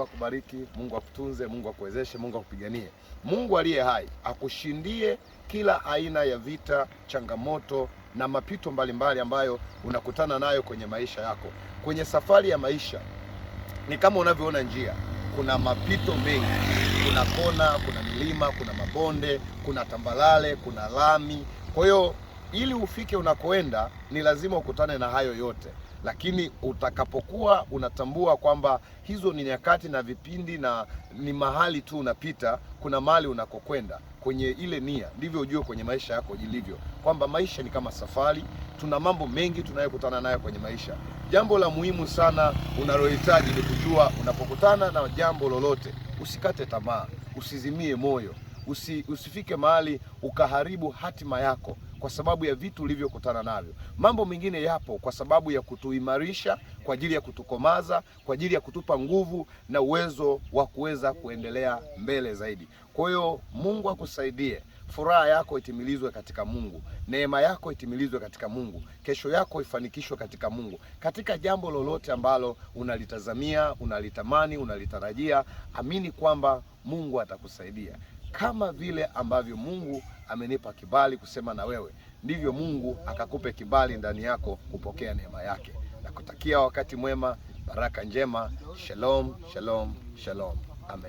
Mungu akubariki, Mungu akutunze, Mungu akuwezeshe, Mungu akupiganie. Mungu aliye hai akushindie kila aina ya vita, changamoto na mapito mbalimbali ambayo unakutana nayo kwenye maisha yako. Kwenye safari ya maisha ni kama unavyoona njia, kuna mapito mengi kuna kona, kuna milima, kuna mabonde, kuna tambalale, kuna lami. Kwa hiyo ili ufike unakoenda ni lazima ukutane na hayo yote lakini utakapokuwa unatambua kwamba hizo ni nyakati na vipindi na ni mahali tu unapita, kuna mahali unakokwenda kwenye ile nia, ndivyo ujue kwenye maisha yako ilivyo kwamba maisha ni kama safari. Tuna mambo mengi tunayokutana nayo kwenye maisha. Jambo la muhimu sana unalohitaji ni kujua, unapokutana na jambo lolote, usikate tamaa, usizimie moyo usi, usifike mahali ukaharibu hatima yako kwa sababu ya vitu ulivyokutana navyo. Mambo mengine yapo kwa sababu ya kutuimarisha, kwa ajili ya kutukomaza, kwa ajili ya kutupa nguvu na uwezo wa kuweza kuendelea mbele zaidi. Kwa hiyo Mungu akusaidie Furaha yako itimilizwe katika Mungu, neema yako itimilizwe katika Mungu, kesho yako ifanikishwe katika Mungu. Katika jambo lolote ambalo unalitazamia, unalitamani, unalitarajia, amini kwamba Mungu atakusaidia. Kama vile ambavyo Mungu amenipa kibali kusema na wewe, ndivyo Mungu akakupe kibali ndani yako kupokea neema yake. Nakutakia wakati mwema, baraka njema. Shalom, shalom, shalom.